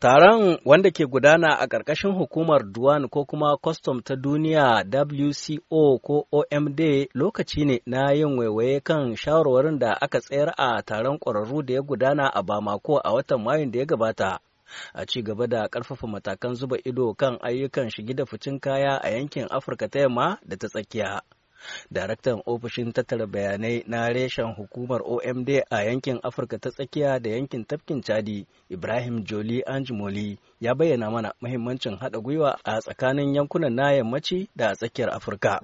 Taron wanda ke gudana a ƙarƙashin hukumar Duwan ko kuma Kwastam ta duniya WCO ko OMD lokaci ne na yin waiwaye kan shawarwarin da aka tsayar a taron ƙwararru da ya gudana a Bamako a watan Mayun da ya gabata. A ci gaba da ƙarfafa matakan zuba ido kan ayyukan shigi da ficin kaya a yankin Afirka ta yamma da ta tsakiya. Daraktan ofishin tattara bayanai na reshen hukumar OMD a yankin Afirka ta tsakiya da yankin tafkin Chadi, Ibrahim Joli Anjimoli, ya bayyana mana mahimmancin haɗa gwiwa a tsakanin yankunan na yammaci da tsakiyar Afirka.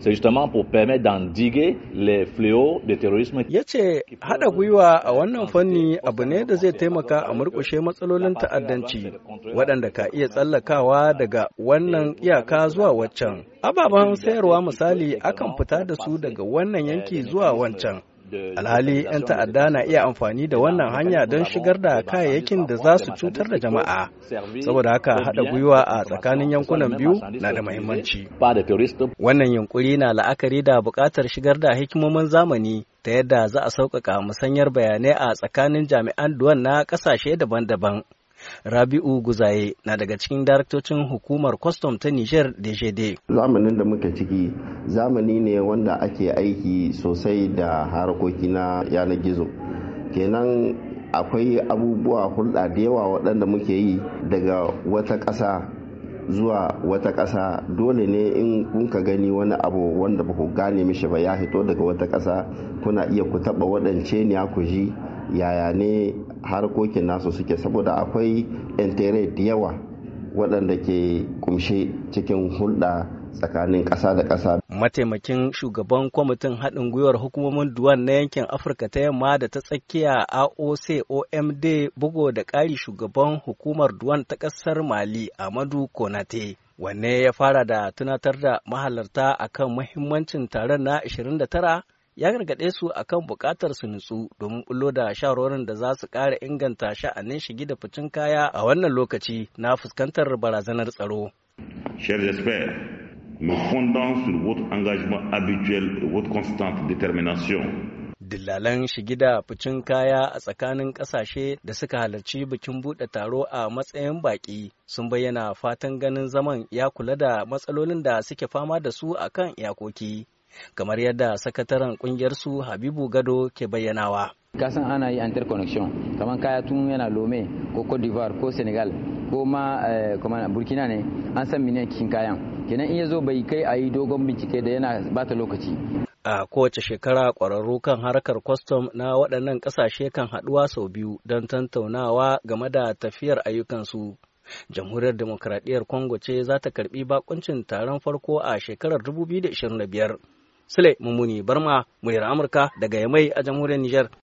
c'est justement pour permettre d'endiguer les fléaux de terrorisme. Ya ce haɗa gwiwa a wannan fanni abu ne da zai taimaka a murƙushe matsalolin ta'addanci waɗanda ka iya tsallakawa daga wannan iyaka zuwa waccan. Ababen sayarwa misali akan fita da su daga wannan yanki zuwa wancan. alhali 'yan ta'adda na iya amfani da wannan hanya don shigar da kayayyakin da za su cutar da jama'a saboda haka haɗa gwiwa a tsakanin yankunan biyu na da mahimmanci wannan yunƙuri na la'akari da buƙatar shigar da hikimomin zamani ta yadda za a sauƙaƙa musanyar bayanai a tsakanin jami'an duwan na ƙasashe daban-daban Rabi'u Guzaye na daga cikin daraktocin hukumar kwastom ta Nijar DGD. Zamanin da muka ciki zamani ne wanda ake aiki sosai da harkoki na yanar gizo. Kenan akwai abubuwa hulɗa da yawa waɗanda muke yi daga wata ƙasa zuwa wata ƙasa dole ne in kun ka gani wani abu wanda ba ku gane mishi ba ya hito daga wata ƙasa kuna iya ku taɓa waɗance ne ku ji yaya ne harkokin nasu suke saboda akwai intere da yawa waɗanda ke kumshe cikin hulɗa tsakanin ƙasa da ƙasa. Mataimakin shugaban kwamitin haɗin gwiwar hukumomin duwan na yankin Afirka ta yamma da ta tsakiya AOC OMD bugo da ƙari shugaban hukumar duwan ta ƙasar Mali Amadu Konate. Wanne ya fara da tunatar da mahalarta akan muhimmancin taron na 29 ya gargaɗe su akan buƙatar su nutsu domin bullo da shawarorin da za su ƙara inganta sha'anin shigi da ficin kaya a wannan lokaci na fuskantar barazanar tsaro. me fondant sur votre engagement habituel et votre constante détermination. Dillalan shigida ficin kaya a tsakanin ƙasashe da suka halarci bikin buɗe taro a matsayin baƙi sun bayyana fatan ganin zaman ya kula da matsalolin da suke fama da su a kan iyakoki, kamar yadda sakataren ƙungiyarsu Habibu Gado ke bayyanawa. Kasan ana yi interconnection, kamar kaya tun yana Lome ko Cote d'Ivoire ko Senegal ko ma eh, burkina ne an san mine cikin kayan kenan in ya zo bai kai a yi dogon bincike da yana bata lokaci a kowace shekara ƙwararru kan harkar kwastam na waɗannan ƙasashe kan haɗuwa sau biyu don tantaunawa game da tafiyar ayyukansu jamhuriyar demokradiyyar congo ce za ta karbi bakuncin taron farko a shekarar 2025 sule mummuni barma muryar amurka daga yamai a jamhuriyar Nijar.